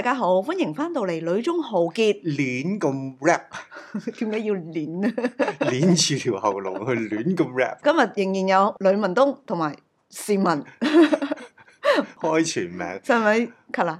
大家好，歡迎翻到嚟。女中豪傑，亂咁 rap，點解要攣啊？攣住條喉嚨去亂咁 rap。今日仍然有呂文東同埋市民 開全名，係咪？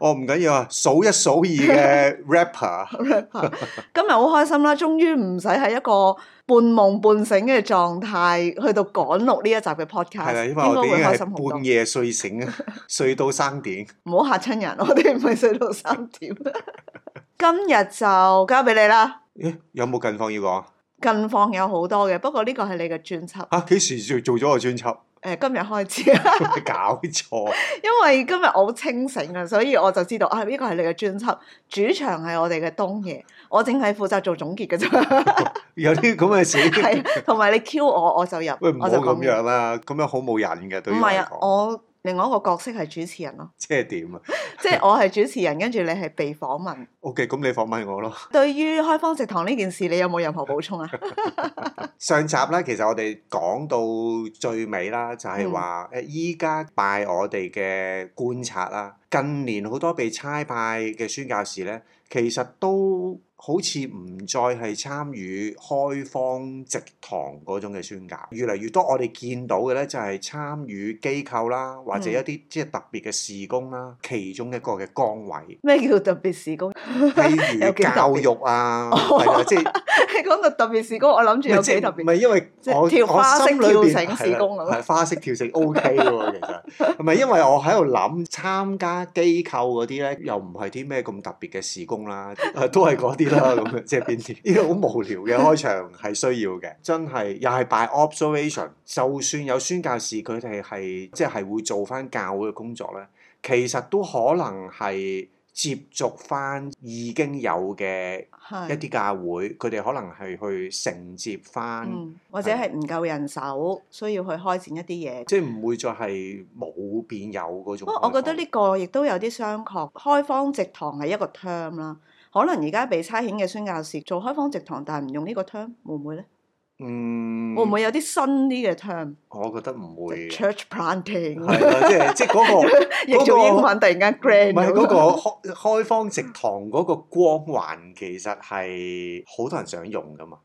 我唔緊要啊，數一數二嘅 rapper。 今日好開心啦，終於唔使喺一個半夢半醒嘅狀態去到趕錄呢一集嘅 podcast。係啦，因為我哋已經係半夜睡醒啊，睡到三點。唔好 嚇親人，我哋唔係睡到三點。 今日就交俾你啦，欸。有冇近況要講？近況有好多嘅，不過呢個係你嘅專輯。嚇，啊，幾時做做咗個專輯？誒今日開始啊！搞錯，因為今日我好清醒啊，所以我就知道啊，呢個係你嘅專輯，主場係我哋嘅東爺，我淨係負責做總結嘅啫。有啲咁嘅事，同埋你 Q 我，我就入。喂，唔好咁樣啦，咁樣好冇癮嘅。都唔係啊，我。另外一個角色係主持人咯，即係點啊？即係我係主持人，跟住 你係被訪問。OK，咁你訪問我咯。對於開荒植堂呢件事，你有冇任何補充啊？ 上集咧，其實我哋講到最尾啦，就係話誒，依家、嗯、拜我哋嘅觀察啦，近年好多被差派嘅宣教士咧，其實都。好似唔再係參與開荒植堂嗰種嘅宣教，越嚟越多我哋見到嘅咧就係參與機構啦，或者一啲即係特別嘅事工啦，其中一個嘅崗位。咩叫特別事工？例如教育啊，係啊，即係講到特別事工，我諗住有幾特別。唔係因為我跳花我心裏邊係啦，花式跳繩 O K 嘅其實唔係 因為我喺度諗參加機構嗰啲咧，又唔係啲咩咁特別嘅事工啦，都係嗰啲。 咁即係邊啲呢個好無聊嘅開場係需要嘅，真係又係 by observation。就算有宣教士，佢哋係即係會做翻教會嘅工作咧，其實都可能係接觸翻已經有嘅一啲教會，佢哋是可能係去承接翻、嗯，或者係唔夠人手，需要去開展一啲嘢，即係唔會再係冇變有嗰種。不過我覺得呢個亦都有啲商榷，開荒植堂係一個 term 啦。可能而家被差遣嘅宣教士做開荒植堂，但係唔用呢個 term 會唔會咧？嗯，會唔會有啲新啲嘅 term？我覺得唔會 Church planting 係即係 即係嗰、即係即係嗰個、 嗰個、英文突然間 grand 唔係嗰、嗰個開荒植堂嗰個光環，其實係好多人想用噶嘛。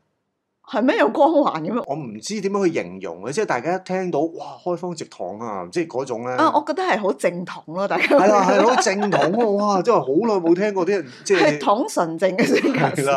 係咩有光環咁樣？我唔知點樣去形容啊！即係大家一聽到哇，開荒植堂啊！即係嗰種咧啊，我覺得係好正統咯，大家係啦係好正統啊！哇、 啊啊，真係好耐冇聽過啲人即係植堂純正嘅聲音。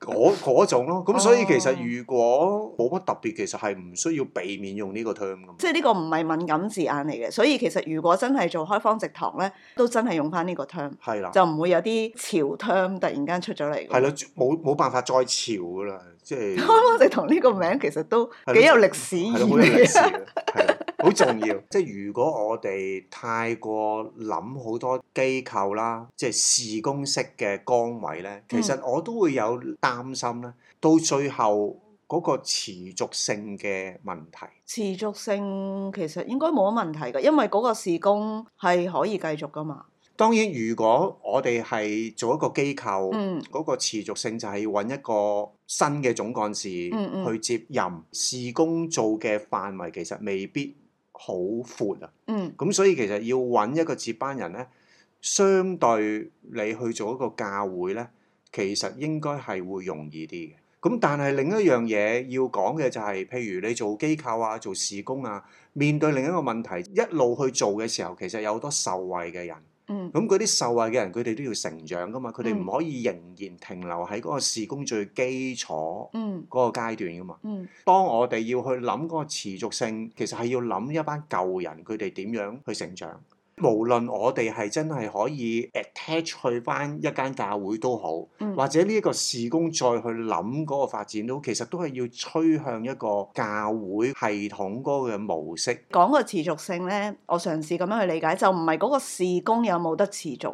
嗰種咯，咁所以其實如果冇乜特別，其實係唔需要避免用呢個 term 嘅。即係呢個唔係敏感字眼嚟嘅，所以其實如果真係做開荒植堂咧，都真係用翻呢個 term。係啦的，就唔會有啲潮 term 突然間出咗嚟。係啦，冇冇辦法再潮㗎啦，即係。開荒植堂呢個名其實都幾有歷史意味。 好 重要，即係如果我哋太過諗好多機構啦，即係事工式嘅崗位呢，其實我都會有擔心咧。到最後嗰個持續性嘅問題，持續性其實應該冇乜問題㗎，因為嗰個事工係可以繼續噶嘛。當然，如果我哋係做一個機構，嗰、嗯、個持續性就係揾一個新嘅總幹事，去接任、嗯嗯、事工做嘅範圍，其實未必。好闊啊，咁、嗯、所以其實要揾一個接班人呢，相對你去做一個教會呢，其實應該係會容易啲嘅。咁但係另一樣嘢要講嘅就係、是，譬如你做機構啊、做事工啊，面對另一個問題，一路去做嘅時候，其實有好多受惠嘅人。嗯，咁嗰啲受惠嘅人，佢哋都要成長㗎嘛，佢哋唔可以仍然停留喺嗰個事工最基礎、嗯，嗯，嗰個階段㗎嘛。嗯，當我哋要去諗嗰個持續性，其實係要諗一班舊人，佢哋點樣去成長。無論我哋係真係可以 attach 去翻一間教會都好，嗯、或者呢一個事工再去諗嗰個發展都，其實都係要趨向一個教會系統嗰個模式。講個持續性呢，我嘗試咁樣去理解，就唔係嗰個事工有冇得持續，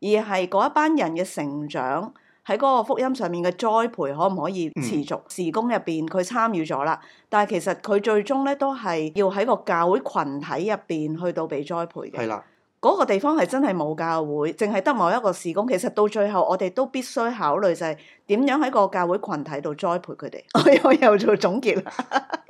而係嗰一班人嘅成長。喺嗰個福音上面嘅栽培可唔可以持續？嗯，時工入邊佢參與咗啦，但係其實佢最終咧都係要喺個教會群體入邊去到被栽培嘅。係嘅，嗰個地方係真係冇教會，淨係得某一個時工。其實到最後，我哋都必須考慮就係、是。點樣喺個教會群體度栽培佢哋？ 我又做總結啦。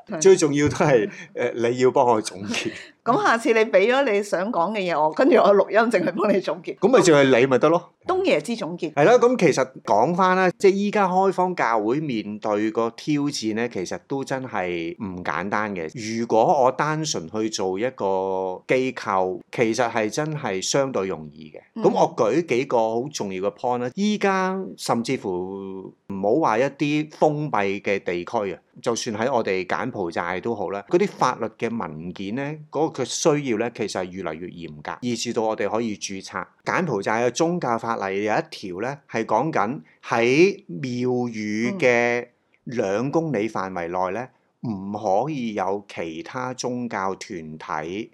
最重要都係誒，你要幫我總結。咁 下次你俾咗你想講嘅嘢，我跟住我錄音，淨係幫你總結。咁咪 淨係你咪得咯。東爺之總結。係咯， 咁其實講翻咧，即係依家開放教會面對個挑戰呢，其實都真係唔簡單嘅。如果我單純去做一個機構，其實係真係相對容易嘅。咁、嗯、我舉幾個好重要嘅 point 啦：依家甚至乎。唔好話一啲封閉嘅地區啊，就算喺我哋柬埔寨都好啦。嗰啲法律嘅文件呢，嗰、嗰個佢需要呢，其實係越嚟越嚴格，以至到我哋可以註冊。柬埔寨嘅宗教法例有一條呢，係講緊喺廟宇嘅兩公里範圍內呢，唔可以有其他宗教團體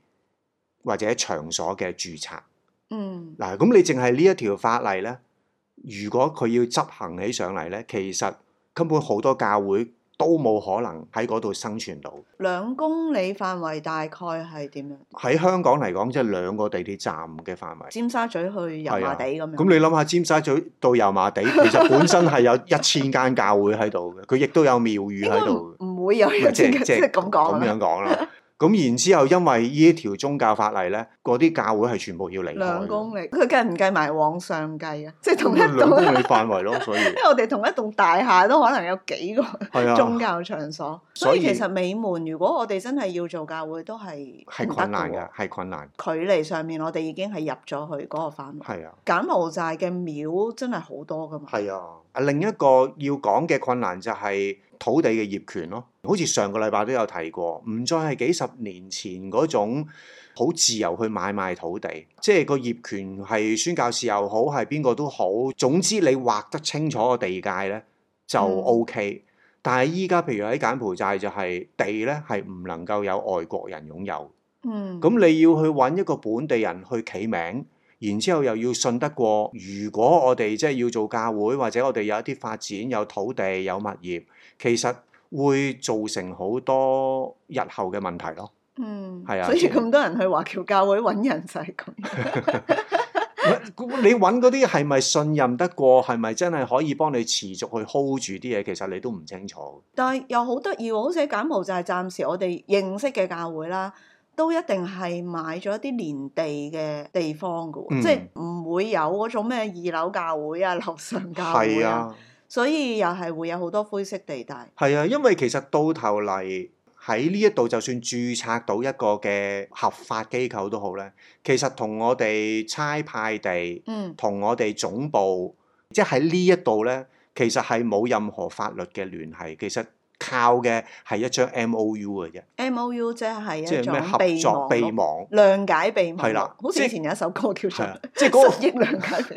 或者場所嘅註冊。嗯，嗱，咁你淨係呢一條法例呢，如果佢要執行起上嚟呢，其實根本好多教會都冇可能喺嗰度生存到。兩公里範圍大概係點樣？喺香港嚟講，即係兩個地鐵站嘅範圍。尖沙咀去油麻地咁樣。咁的你諗下，尖沙咀到油麻地， 其實本身係有一千間教會喺度嘅，佢亦都有廟宇喺度，唔會有一。即即咁講。咁樣講啦。 咁然之後，因為呢一條宗教法例咧，嗰啲教會係全部要離開。兩公里，佢計唔計埋往上計啊？即係同一棟範圍咯，所以。因為 我哋同一棟大廈都可能有幾個、啊、宗教場所，所以，所以其實美門如果我哋真係要做教會都、啊，都係係困難嘅，係困難。距離上面我哋已經係入咗去嗰個範圍。係啊。柬埔寨嘅廟真係好多噶嘛。係啊。另一個要講嘅困難就係、是。土地嘅業權咯，好似上個禮拜都有提過，唔再係幾十年前嗰種好自由去買賣土地，即係個業權係宣教士又好，係邊個都好。總之你劃得清楚個地界呢就 OK、嗯。但係依家譬如喺柬埔寨就係、是、地呢係唔能夠有外國人擁有。嗯，咁你要去揾一個本地人去起名，然之後又要信得過。如果我哋即係要做教會，或者我哋有一啲發展有土地有物業。其實會造成好多日後嘅問題咯。嗯，係啊，所以咁多人去華僑教會揾人就係咁。你揾嗰啲係咪信任得過？係咪真係可以幫你持續去 hold 住啲嘢？其實你都唔清楚。但係又好得意，好似喺柬埔寨，暫時我哋認識嘅教會啦，都一定係買咗啲年地嘅地方嘅，即係唔會有嗰種咩二樓教會啊、樓上教會啊。所以又係會有好多灰色地帶。係啊，因為其實到頭嚟喺呢一度，就算註冊到一個嘅合法機構都好咧，其實同我哋差派地，嗯，同我哋總部，即係喺呢一度咧，其實係冇任何法律嘅聯繫。其實。靠嘅係一張 M O U 嘅啫，M O U 即係一張合作備忘，諒解備忘，係啦的，好似以前有一首歌叫做，的 即係嗰、那個億諒解，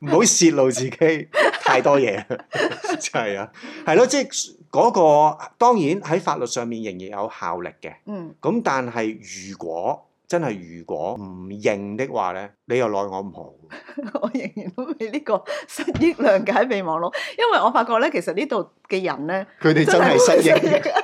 唔好泄露自己 太多嘢， 就係、是、啊、那個，係咯，即係嗰個當然喺法律上面仍然有效力嘅，嗯，咁但係如果。真係，如果唔認的話咧，你又奈我唔何。 我仍然都俾呢個失憶、諒解、備忘錄，因為我發覺咧，其實呢度嘅人咧，佢哋真係失憶嘅。憶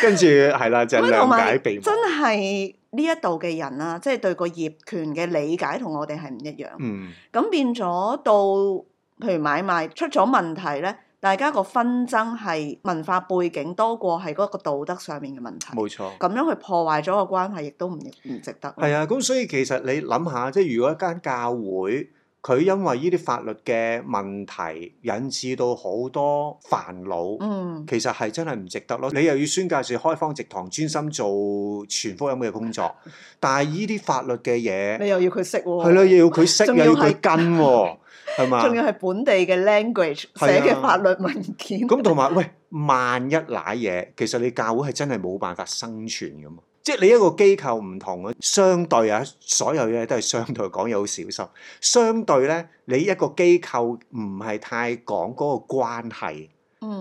跟住係啦，就係、是、諒解備忘。真係呢一度嘅人啊，即、就、係、是、對個業權嘅理解同我哋係唔一樣。嗯，咁變咗到，譬如買賣出咗問題咧。大家個紛爭係文化背景多過係嗰個道德上面嘅問題。冇錯，咁樣去破壞咗個關係，亦都唔唔值得。係啊，咁所以其實你諗下，即係如果一間教會佢因為呢啲法律嘅問題引致到好多煩惱，嗯，其實係真係唔值得咯。你又要宣教士開荒植堂，專心做全福音嘅工作， 但係呢啲法律嘅嘢，你又要佢識喎，啊，係咯，又要佢識又要佢跟喎。仲要係本地嘅 language 寫嘅法律文件，咁同埋喂，萬一賴嘢，其實你教會係真係冇辦法生存嘅嘛。即係你一個機構唔同嘅相對啊，所有嘢都係相對講嘢好小心。相對咧，你一個機構唔係太講嗰個關係。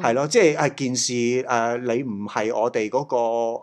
係咯，即係誒、啊、件事誒、啊、你唔係我哋個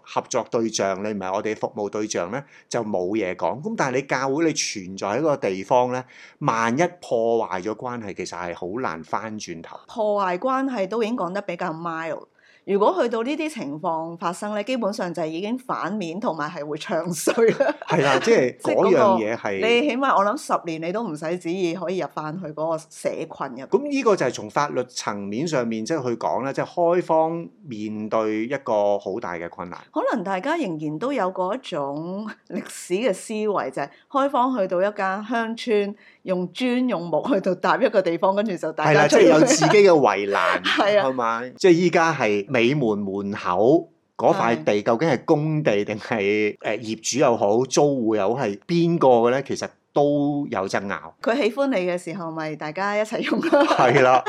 合作對象，你唔係我哋服務對象咧，就冇嘢講，咁但係你教會你存在一個地方咧，萬一破壞咗關係其實係好難翻轉頭，破壞關係都已經講得比較 mild。如果去到呢啲情況發生，呢基本上就係已經反面，同埋係會唱衰啦。係啦，就是、 即係嗰樣嘢係你，起碼我諗十年你都唔使旨意，可以入翻去嗰個社羣入。咁呢個就係從法律層面上面即係去講咧，即、就、係、是、開荒面對一個好大嘅困難。可能大家仍然都有嗰一種歷史嘅思維，就係、是、開荒去到一間鄉村。用磚用木去到搭一個地方，跟住就大家出嚟。係啦，即係有自己嘅圍欄，係啊，係咪？即係依家係美門門口嗰塊地，究竟係工地定係誒業主又好、租戶又好，係邊個嘅咧？其實都有爭拗。佢喜歡你嘅時候，咪大家一齊用咯。係啦，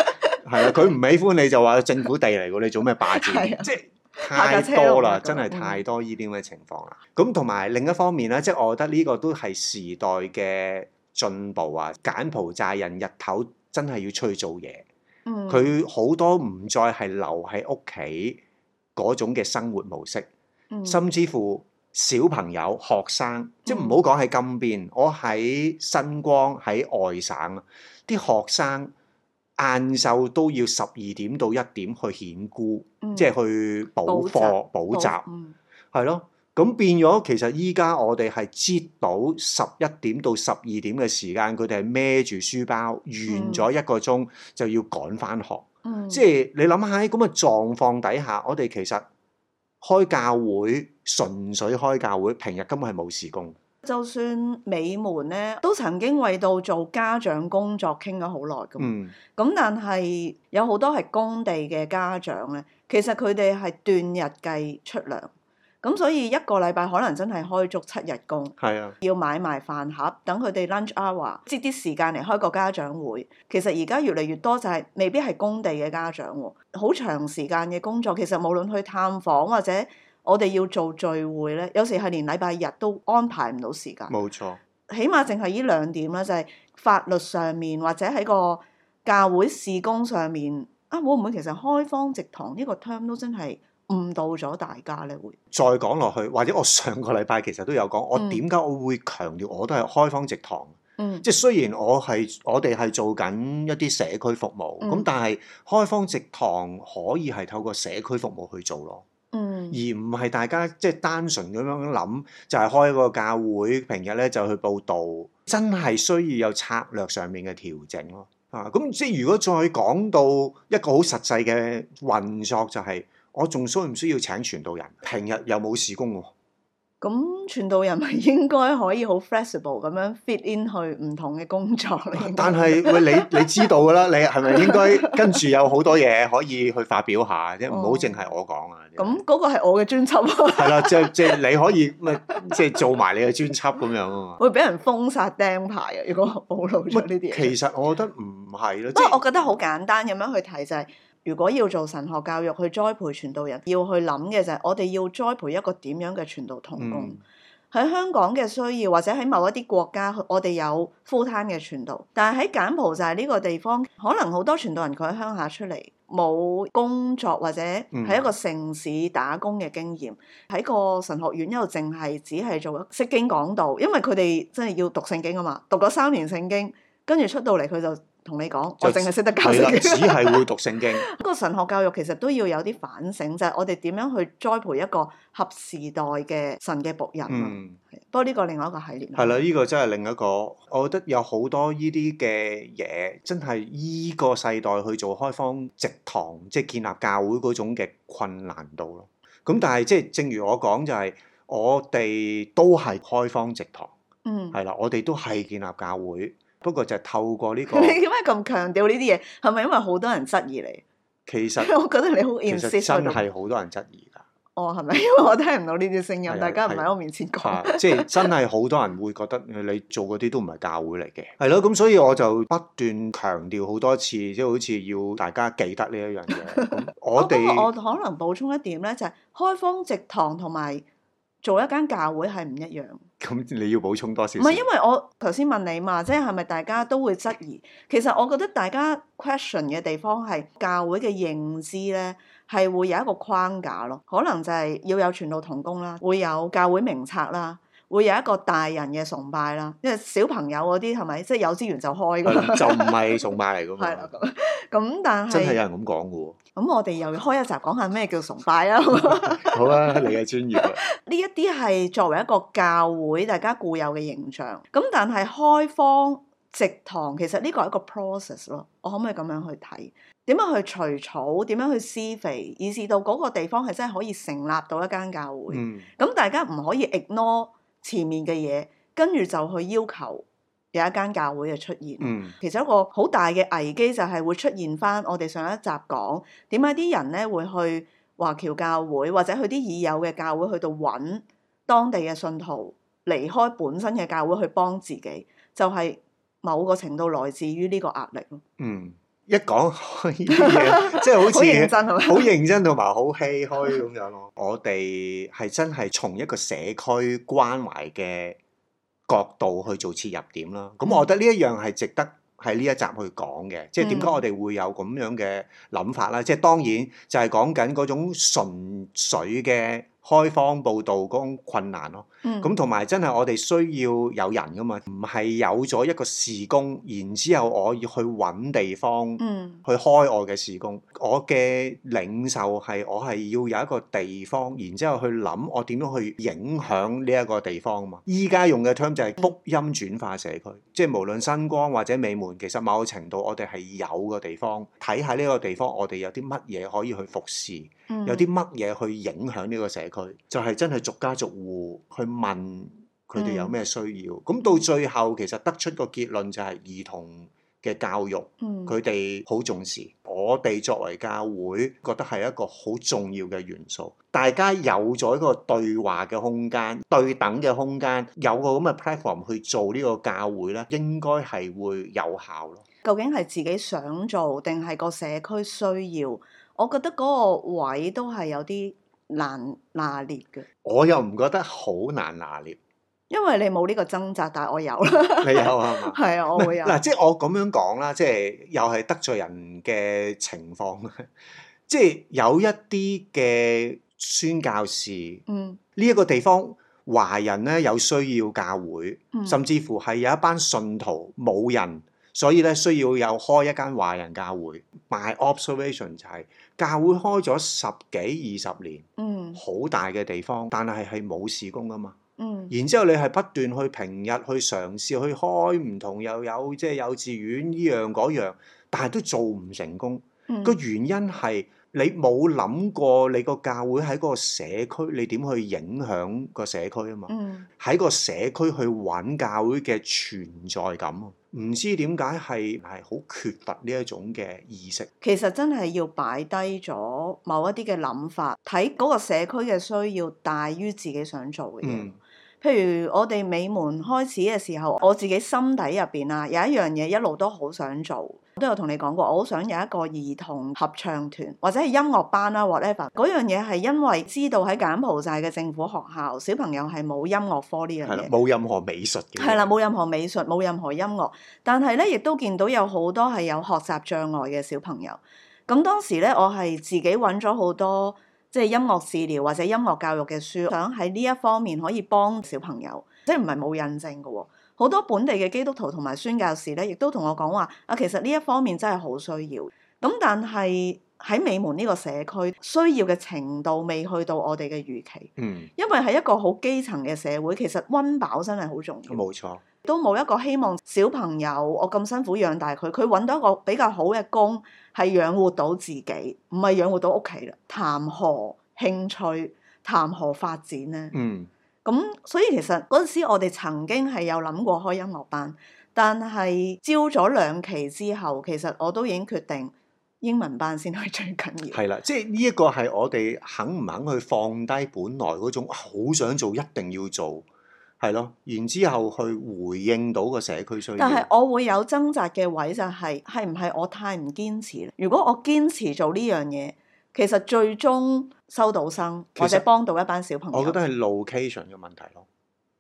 係啦，佢唔喜歡你就話政府地嚟嘅，你做咩霸佔？即係太多啦，真係太多呢啲咁嘅情況啦。咁同埋另一方面咧，即係我覺得呢個都係時代嘅。進步啊！簡蒲扎柬埔寨人日頭真係要出去做嘢，佢好、嗯、多唔再係留喺屋企嗰種嘅生活模式，嗯、甚至乎小朋友、學生，即係唔好講喺金邊，嗯、我喺新光喺外省啲學生晏晝都要十二點到一點去顯姑，嗯、即係去補課補習，係咯。咁變咗，其實依家我哋係擠到十一點到十二點嘅時間，佢哋係孭住書包完咗一個鐘就要趕翻學。嗯、即係你諗下喺咁嘅狀況底下，我哋其實開教會純粹開教會，平日根本係冇時工。就算美門咧，都曾經為到做家長工作傾咗好耐。嗯，咁但係有好多係工地嘅家長咧，其實佢哋係斷日計出糧。咁所以一個禮拜可能真係開足七日工，啊、要買埋飯盒，等佢哋 lunch hour，即啲時間嚟開個家長會。其實而家越嚟越多就係、是、未必係工地嘅家長喎，好長時間嘅工作。其實無論去探訪或者我哋要做聚會咧，有時係連禮拜日都安排唔到時間。冇錯錯，起碼淨係呢兩點啦，就係、是、法律上面或者喺個教會事工上面啊，會唔會其實開荒植堂呢個 term 都真係？誤導咗大家咧，會再講落去，或者我上個禮拜其實都有講，我點解我會強調我都係開荒植堂，嗯、即係雖然我係我哋係做緊一啲社區服務，咁、嗯，但係開荒植堂可以係透過社區服務去做咯，嗯、而唔係大家即係單純咁樣諗，嗯、就係開個教會平日咧就去報道，真係需要有策略上面嘅調整咯。啊，咁即係如果再講到一個好實際嘅運作、就是，就係。我仲需唔需要請傳道人？平日又冇事工喎。咁傳道人咪應該可以好 flexible 咁樣 fit in 去唔同嘅工作。但係喂，你你知道㗎啦，你係咪應該跟住有好多嘢可以去發表下？即係唔好淨係我講啊。咁嗰個係我嘅專輯。係啦，即即你可以咪即係做埋你嘅專輯咁樣啊嘛。會俾人封殺釘牌啊！如果暴露出呢啲嘢，其實我覺得唔係咯。即係我覺得好簡單咁樣去睇就係。如果要做神學教育，去栽培傳道人，要去諗嘅就係我哋要栽培一個點樣嘅傳道同工。喺、嗯、香港嘅需要，或者喺某一啲國家，我哋有 full time 嘅傳道。但係喺柬埔寨呢個地方，可能好多傳道人佢喺鄉下出嚟，冇工作或者喺一個城市打工嘅經驗。喺、嗯、個神學院一又淨係只係做釋經講道，因為佢哋真係要讀聖經啊嘛，讀咗三年聖經，跟住出到嚟佢就。同你講，就我淨係識得教書，只係會讀聖經。 個神學教育其實都要有啲反省，就係、是、我哋點樣去栽培一個合時代嘅神嘅僕人。嗯，不過呢個另外一個系列。係啦，呢、這個真係另一個，我覺得有好多呢啲嘅嘢，真係依個世代去做開荒植堂，即、就、係、是、建立教會嗰種嘅困難度咯。咁但係即係正如我講、就是，就係我哋都係開荒植堂，嗯，係啦，我哋都係建立教會。不過就係透過呢、這個，你點解咁強調呢啲嘢？係咪因為好多人質疑你？其實 我覺得你好，其實真係好多人質疑㗎。哦，係咪因為我聽唔到呢啲聲音？的大家唔喺我面前講，即係、 就是、真係好多人會覺得你做嗰啲都唔係教會嚟嘅。係咯，咁所以我就不斷強調好多次，即、就、係、是、好似要大家記得呢一樣嘢。我哋、 哦那個、我可能補充一點咧，就係、是、開封直堂同埋。做一間教會係唔一樣。咁你要補充多少？唔係因為我頭先問你嘛，即係係咪大家都會質疑？其實我覺得大家 question 嘅地方係教會嘅認知咧，係會有一個框架咯。可能就係要有全職同工啦，會有教會名冊啦。會有一個大人嘅崇拜啦，因為小朋友嗰啲係咪即係有資源就開咁？就唔係崇拜嚟㗎嘛。係啦，咁咁但係真係有人咁講㗎喎。咁我哋又要開一集講下咩叫崇拜啦？好啦，你嘅專業。呢一啲係作為一個教會大家固有嘅形象，咁但係開荒植堂其實呢個係一個 process 咯。我可唔可以咁樣去睇？點樣去除草？點樣去施肥？以至到嗰個地方係真係可以成立到一間教會。嗯。咁大家唔可以 ignore。前面嘅嘢，跟住就去要求有一間教會嘅出現。嗯、其實一個好大嘅危機就係會出現翻，我哋上一集講點解啲人咧會去華僑教會或者去啲已有嘅教會去到揾當地嘅信徒離開本身嘅教會去幫自己，就係、是、某個程度來自於呢個壓力咯。嗯。一講依啲嘢， 即係好似好認真，好 認真同埋好唏噓咁樣咯。 我哋係真係從一個社區關懷嘅角度去做切入點啦。咁、嗯、我覺得呢一樣係值得喺呢一集去講嘅。即係點解我哋會有咁樣嘅諗法啦，嗯、即係當然就係講緊嗰種純粹嘅。開荒佈道工困難咯、啊，咁同埋真係我哋需要有人噶嘛，唔係有咗一個事工，然之後我要去揾地方、嗯、去開我嘅事工，我嘅領受係我係要有一個地方，然之後去諗我點樣去影響呢一個地方嘛。依家用嘅 term 就係福音轉化社區，嗯、即係無論新光或者美門，其實某個程度我哋係有個地方，睇下呢個地方我哋有啲乜嘢可以去服侍。嗯、有啲乜嘢去影響呢個社區？就係、是、真係逐家逐戶去問佢哋有咩需要。咁、嗯、到最後其實得出個結論就係、是、兒童嘅教育，佢哋好重視。我哋作為教會覺得係一個好重要嘅元素。大家有咗一個對話嘅空間、對等嘅空間，有個咁嘅 platform 去做呢個教會呢應該係會有效咯。究竟係自己想做定係個社區需要？我覺得嗰個位都係有啲難拿捏嘅，我又唔覺得好難拿捏，因為你冇呢個掙扎，但係我有啦， 你有係、啊、嘛？係 啊，我會有。嗱、啊，即係我咁樣講啦，即係又係得罪人嘅情況。 即係有一啲嘅宣教士，嗯，呢一個地方華人咧有需要教會，嗯、甚至乎係有一班信徒冇人。所以咧，需要有開一間華人教會。My observation 就係教會開咗十幾二十年，嗯，好大嘅地方，但係係冇事工噶嘛。嗯，然之後你係不斷去平日去嘗試去開唔同，又有即係幼稚園依樣嗰樣，但係都做唔成功。個原因係你冇諗過你個教會喺嗰個社區你點去影響個社區啊嘛？喺個社區去揾教會嘅存在感。唔知點解係係好缺乏呢一種嘅意識。其實真係要擺低咗某一啲嘅諗法，睇嗰個社區嘅需要大於自己想做嘅嘢。嗯譬如我哋美門開始嘅時候，我自己心底入邊啊，有一樣嘢一路都好想做，我都有同你講過，我好想有一個兒童合唱團或者係音樂班啦，whatever。嗰樣嘢係因為知道喺柬埔寨嘅政府學校，小朋友係冇音樂科呢樣嘢，冇任何美術嘅，係啦，冇任何美術，冇任何音樂。但係咧，亦都見到有好多係有學習障礙嘅小朋友。咁當時咧，我係自己揾咗好多。即係音樂治療或者音樂教育嘅書，想喺呢一方面可以幫小朋友，即係唔係冇印證嘅喎。好多本地嘅基督徒同埋宣教士咧，亦都同我講話啊，其實呢一方面真係好需要。咁但係喺美門呢個社區，需要嘅程度未去到我哋嘅預期。嗯，因為係一個好基層嘅社會，其實溫飽真係好重要。冇錯。都冇一個希望小朋友，我咁辛苦養大佢，佢揾到一個比較好嘅工，係養活到自己，唔係養活到屋企啦。談何興趣，談何發展呢？嗯，咁所以其實嗰陣時，我哋曾經係有諗過開音樂班，但係招咗兩期之後，其實我都已經決定英文班先係最緊要。係啦，即係呢一個係我哋肯唔肯去放低本來嗰種好想做，一定要做。係咯，然之後去回應到個社區需要。但係我會有掙扎嘅位就係係唔係我太唔堅持？如果我堅持做呢樣嘢，其實最終收到生或者幫到一班小朋友，我覺得係 location 嘅問題咯。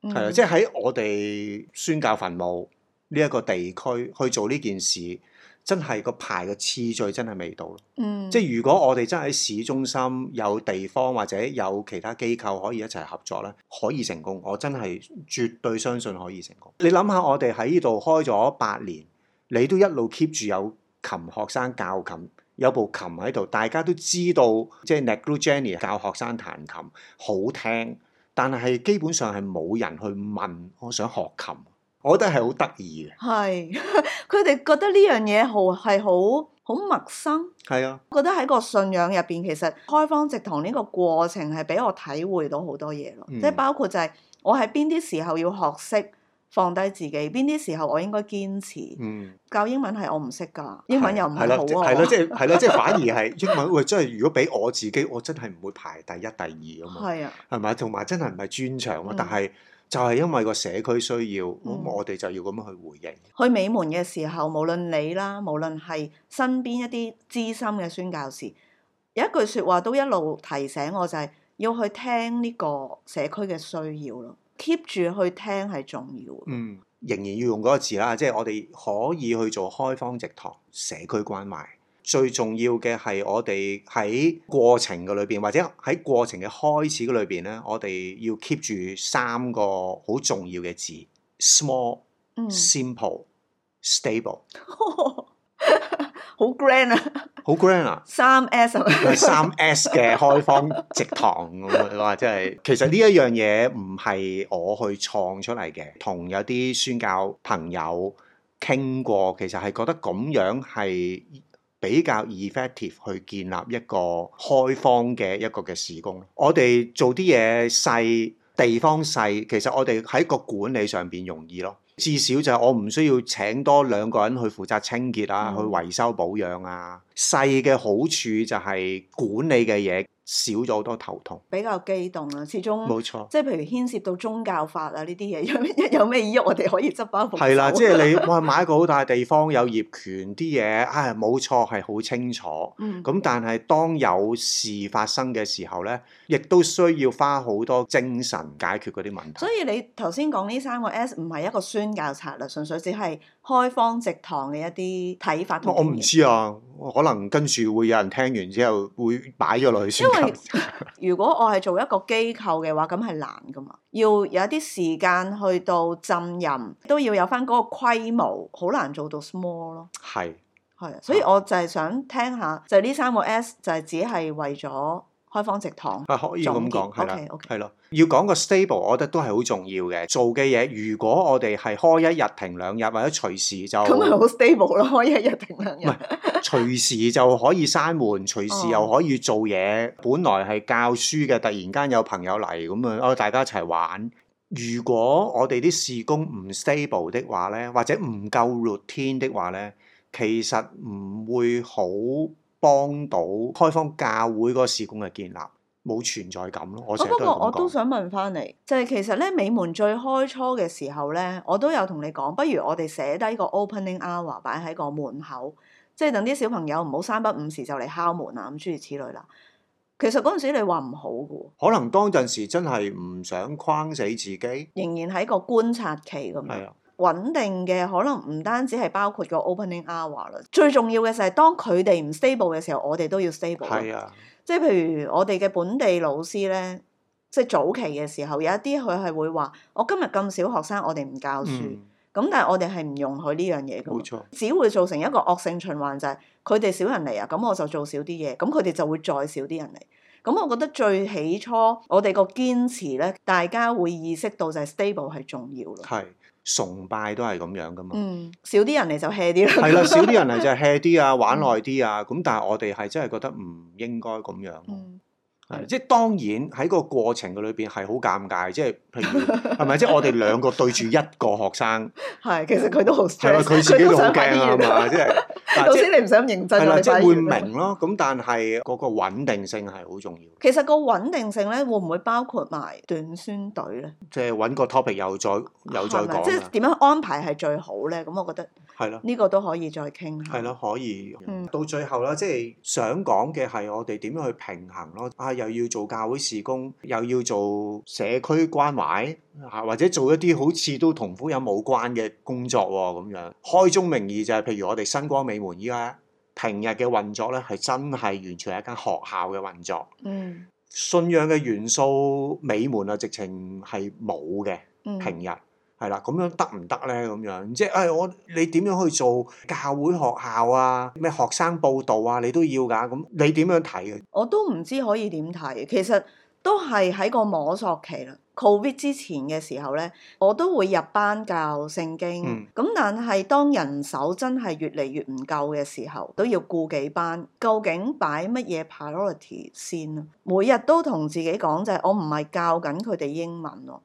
係啊、嗯，即係喺我哋宣教墳墓呢一個地區去做呢件事。真係個排嘅次序真係未到，嗯、即係如果我哋真係喺市中心有地方或者有其他機構可以一齊合作咧，可以成功。我真係絕對相信可以成功。你諗下，我哋喺呢度開咗八年，你都一路 keep 住有琴學生教琴，有部琴喺度，大家都知道即係、就是、Negro Jenny 教學生彈琴好聽，但係基本上係冇人去問我想學琴。我覺得係好得意嘅，係佢哋覺得呢樣嘢好係好好陌生，係是啊，覺得喺個信仰入邊，其實開荒植堂呢個過程係俾我體會到好多嘢咯，嗯、即係包括就係我喺邊啲時候要學識放低自己，邊啲時候我應該堅持。嗯，教英文係我唔識噶，英文又唔係好啊，咯、啊，即係係咯，即、就、係、是啊就是、反而係英文， 喂，真係如果俾我自己，我真係唔會排第一、第二啊嘛，係、嗯、啊，係咪同埋真係唔係專長啊，但係、嗯。就係因為個社區需要，咁、嗯、我哋就要咁樣去回應。去美門嘅時候，無論你啦，無論係身邊一啲資深嘅宣教士，有一句説話都一路提醒我，就係、是、要去聽呢個社區嘅需要咯。Keep 住去聽係重要。嗯，仍然要用嗰個字啦，即係我哋可以去做開荒植堂社區關懷。最重要嘅係我哋喺過程嘅裏邊，或者喺過程嘅開始嘅裏邊咧，我哋要 keep 住三個好重要嘅字：small、simple、stable。好 grand 啊！好 grand 啊！三 S 啊！三 S 嘅開荒植堂，咁樣囉，即係其實呢一樣嘢唔係我去創出嚟嘅，同有啲宣教朋友傾過，其實係覺得咁樣係。比較 effective 去建立一個開荒嘅一個嘅事工，我哋做啲嘢細，地方細，其實我哋喺個管理上面容易咯，至少就係我唔需要請多兩個人去負責清潔啊，去維修保養啊，細嘅好處就係管理嘅嘢。少咗好多頭痛，比較激動啊！始終冇錯，即係譬如牽涉到宗教法啊呢啲嘢，一有咩嘢喐，我哋可以執包袱。係啦，即係你，哇，買一個好大地方，有業權啲嘢，唉，冇錯係好清楚。咁但係當有事發生嘅時候咧，亦都需要花好多精神解決嗰啲問題。所以你頭先講呢三個 S 唔係一個宣教策略，純粹只係開荒植堂嘅一啲睇法。我唔知啊。可能跟住會有人聽完之後會擺咗落去。因為 如果我係做一個機構嘅話，咁係難㗎嘛，要有一啲時間去到浸淫，都要有返嗰個規模，好難做到 small 咯。係係是，所以我就係想聽下，是就呢三個 S，就係只係為咗。開荒植堂，係可以咁講，係結啦，係咯 okay, okay.，要講個 stable，我覺得都係好重要嘅。做嘅嘢，如果我哋係開一日停兩日，或者隨時就咁咪好 stable 咯，開一日停兩日，隨是 時就可以閂門，隨時又可以做嘢。本來係教書嘅，突然間有朋友嚟咁樣啊，我哋大家一齊玩。如果我哋啲事工唔 stable 的話咧，或者唔夠 routine 的話咧，其實唔會好。幫到開放教會個事工嘅建立冇存在感咯，我成日都係咁講。啊，不過我都想問翻你，就係、是、其實咧美門最開初嘅時候咧，我都有同你講，不如我哋寫低個 opening hour 擺喺個門口，即係等啲小朋友唔好三不五時就嚟敲門啊，咁諸如此類啦。其實嗰陣時你話唔好嘅，可能當陣時真係唔想框死自己，仍然喺個觀察期咁樣。穩定嘅可能唔單止係包括個 opening hour 啦，最重要嘅就係當佢哋唔 stable 嘅時候，我哋都要 stable。係啊，即係譬如我哋嘅本地老師咧，即係早期嘅時候，有一啲佢係會話：我今日咁少學生，我哋唔教書。咁、嗯、但係我哋係唔容許呢樣嘢嘅，冇錯錯，只會造成一個惡性循環，就係佢哋少人嚟啊，咁我就做少啲嘢，咁佢哋就會再少啲人嚟。咁我覺得最起初我哋個堅持咧，大家會意識到就係 stable 係重要咯，係是。崇拜都係咁樣噶嘛，少啲人嚟就 hea 啲，係啦，少啲人嚟就 hea 啲啊，玩耐啲啊，咁、嗯、但係我哋係真係覺得唔應該咁樣。嗯即係當然喺個過程嘅裏邊係好尷尬，即係譬如係咪？ 即係我哋兩個對住一個學生，係 其實佢都好，係咪佢自己都好驚啊嘛！即係， 老師你唔想認真啦，即係會明咯。咁但係嗰個穩定性係好重要。其實個穩定性咧，會唔會包括埋短宣隊咧？即係揾個 topic 又再又再講，即係點樣安排係最好咧？咁我覺得。係咯，呢個都可以再傾下。係咯，可以。嗯、到最後啦，即係想講嘅係我哋點樣去平衡咯。啊，又要做教會事工，又要做社區關懷，嚇、啊、或者做一啲好似都同福音冇關嘅工作喎，咁樣開宗明義就係，譬如我哋新光美門依家平日嘅運作咧，係真係完全係一間學校嘅運作。嗯，信仰嘅元素美門啊，直情係冇嘅。嗯、平日。係啦，咁樣得唔得咧？咁樣即係、哎，我你點樣去做教會學校啊？咩學生報道啊？你都要㗎。咁你點樣睇嘅？我都唔知可以點睇。其實都係喺個摸索期啦。Covid 之前嘅時候咧，我都會入班教聖經。咁、嗯、但係當人手真係越嚟越唔夠嘅時候，都要顧幾班。究竟擺乜嘢 priority 先啊？每日都同自己講就係、是，我唔係教緊佢哋英文喎。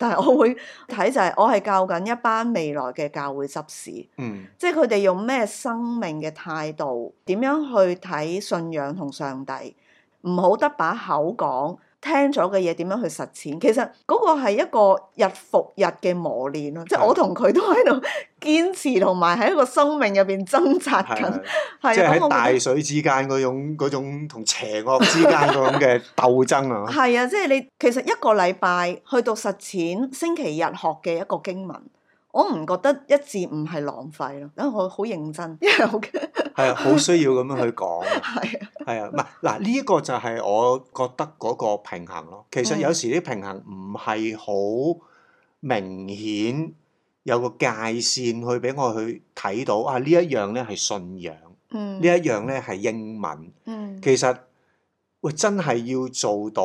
但係我會睇就係我係教緊一班未來嘅教會執事，嗯、即係佢哋用咩生命嘅態度，點樣去睇信仰同上帝，唔好得把口講。聽咗嘅嘢點樣去實踐？其實嗰個係一個日復日嘅磨練咯，的即係我同佢都喺度堅持同埋喺一個生命入邊掙扎緊，的的即係喺大水之間嗰種同的邪惡之間嗰種嘅鬥爭啊！係啊， 即係你其實一個禮拜去到實踐星期日學嘅一個經文。我唔覺得一至五係浪費咯，因為我好認真，因為好係啊，好需要咁樣去講。係啊 的，係啊的，唔係嗱，呢一個就係我覺得嗰個平衡咯。其實有時啲平衡唔係好明顯，有個界線去俾我去睇到啊。呢一樣咧係信仰，嗯，呢一樣咧係英文，嗯，其實喂真係要做到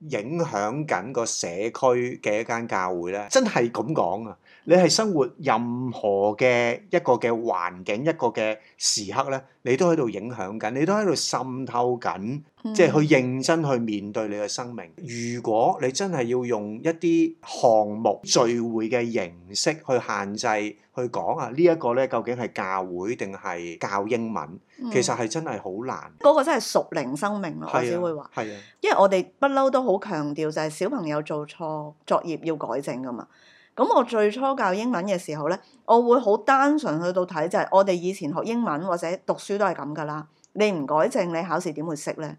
影響緊個社區嘅一間教會咧，真係咁講啊！你係生活任何嘅一個嘅環境，一個嘅時刻咧，你都喺度影響緊，你都喺度滲透緊，即係去認真去面對你嘅生命。如果你真係要用一啲項目聚會嘅形式去限制去講啊，這個、呢一個咧究竟係教會定係教英文？其實係真係好難。嗰、嗯、個真係屬靈生命咯，先會話。係啊，啊啊因為我哋不嬲都好強調，就係小朋友做錯作業要改正噶嘛。咁我最初教英文嘅時候咧，我會好單純去到睇，就係我哋以前學英文或者讀書都係咁噶啦。你唔改正，你考試點會識咧？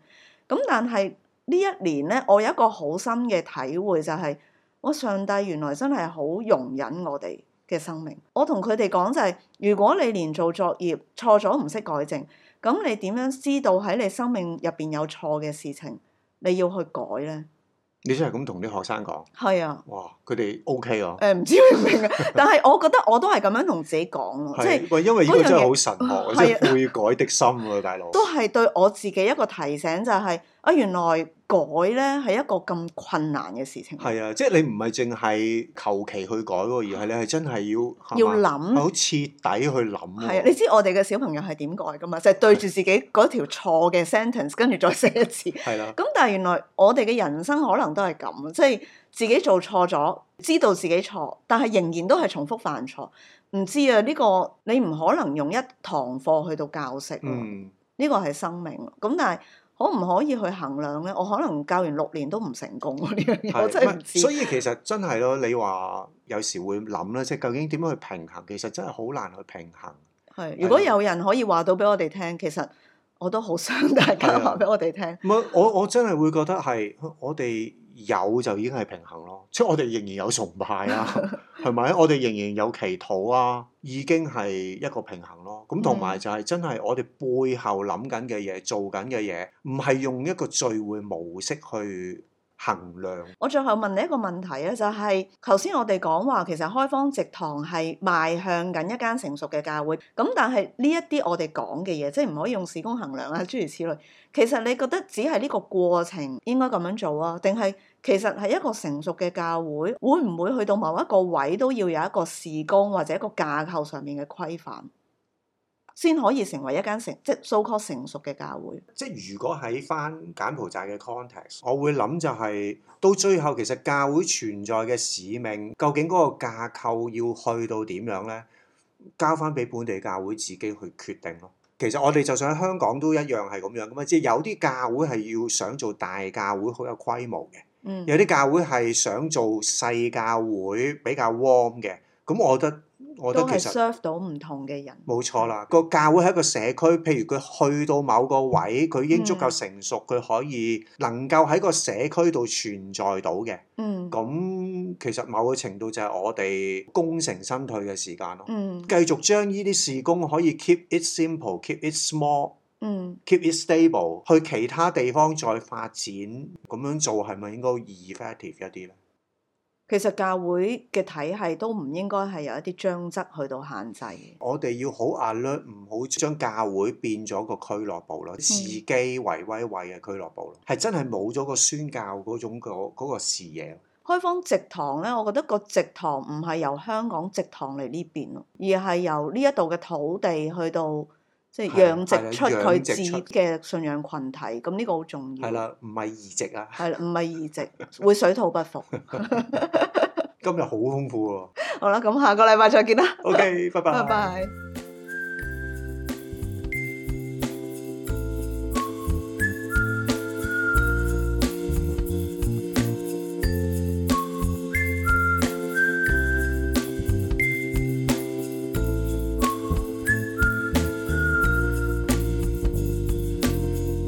咁但係呢一年咧，我有一個好深嘅體會、就係，就係我上帝原來真係好容忍我哋嘅生命。我同佢哋講就係、係，如果你連做作業錯咗唔識改正，咁你點樣知道喺你生命入邊有錯嘅事情你要去改咧？你真係咁同啲學生講，係啊，哇，佢哋 O K 啊，誒唔、呃、知明唔明啊？ 但係我覺得我都係咁樣同自己講咯，即係、 就是，因為呢樣真係好神學，真係悔改的心喎、啊，大佬都係對我自己一個提醒就係、是。啊，原來改咧係一個咁困難嘅事情。係啊，即係你唔係淨係求其去改喎，而係你係真係要要諗想，好徹底去諗。係啊，你知我哋嘅小朋友係點改㗎嘛？就係、是、對住自己嗰條錯嘅 sentence，跟住再寫一次。係啦、啊。咁 但係原來我哋嘅人生可能都係咁，即、就、係、是、自己做錯咗，知道自己錯，但係仍然都係重複犯錯。唔知啊，呢、這個你唔可能用一堂課去到教識。嗯。呢個係生命。咁但係。可唔可以去衡量呢？我可能教完六年都唔成功，呢樣嘢我真係唔知。所以其實真係咯，你話有時會諗咧，即係究竟點樣去平衡？其實真係好難去平衡。係是，的如果有人可以話到俾我哋聽，其實我都好想大家話俾的我哋聽。唔係，我我真係會覺得係我哋。有就已經係平衡咯，即係我哋仍然有崇拜啊，係咪？ 我哋仍然有祈禱啊，已經係一個平衡咯。咁同埋就係真係我哋背後諗緊嘅嘢，做緊嘅嘢，唔係用一個聚會模式去。衡量。我最後問你一個問題咧，就係頭先我哋講話，其實開荒植堂係邁向緊一間成熟嘅教會。咁但係呢一啲我哋講嘅嘢，即係唔可以用事工衡量啊，諸如此類。其實你覺得只係呢個過程應該咁樣做啊？定係其實係一個成熟嘅教會，會唔會去到某一個位都要有一個事工，或者一個架構上面嘅規範？先可以成為一間成即係 so-called 成熟嘅教會。即係如果喺翻柬埔寨嘅 context，我會諗就係、是、到最後其實教會存在嘅使命，究竟嗰個架構要去到點樣呢？交翻俾本地教會自己去決定咯。其實我哋就算喺香港都一樣係咁樣噶嘛，即係有啲教會係要想做大教會規，好、嗯、有規模嘅；有啲教會係想做細教會，比較 warm 嘅。咁我覺得。我都其實都 serve 到唔同嘅人，冇錯啦。個教會係一個社區，譬如佢去到某個位，佢已經足夠成熟，佢、嗯、可以能夠喺個社區度存在到嘅。嗯，咁其實某個程度就係我哋功成身退嘅時間咯。嗯，繼續將呢啲事工可以 keep it simple，keep it small，嗯，keep it stable，去其他地方再發展咁樣做，係咪應該 effective 一啲咧？其實教會嘅體系都唔應該係有一啲章則去到限制。我哋要好壓力，唔好將教會變咗個俱樂部咯，自己圍威喂嘅俱樂部咯，係真係冇咗個宣教嗰種嗰嗰個視野。開荒植堂呢，我覺得個植堂唔係由香港植堂嚟呢邊，而係由呢一度嘅土地去到。即係養殖出佢自嘅信仰群體，咁呢的個好重要。係啦，唔係移植啊。係啦，唔係移植， 會水土不服。 今日好豐富喎。好啦，咁下個禮拜再見啦。OK，拜拜！Bye bye